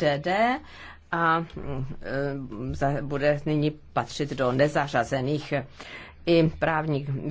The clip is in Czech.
DD a mm, e, bude nyní patřit do nezařazených i právník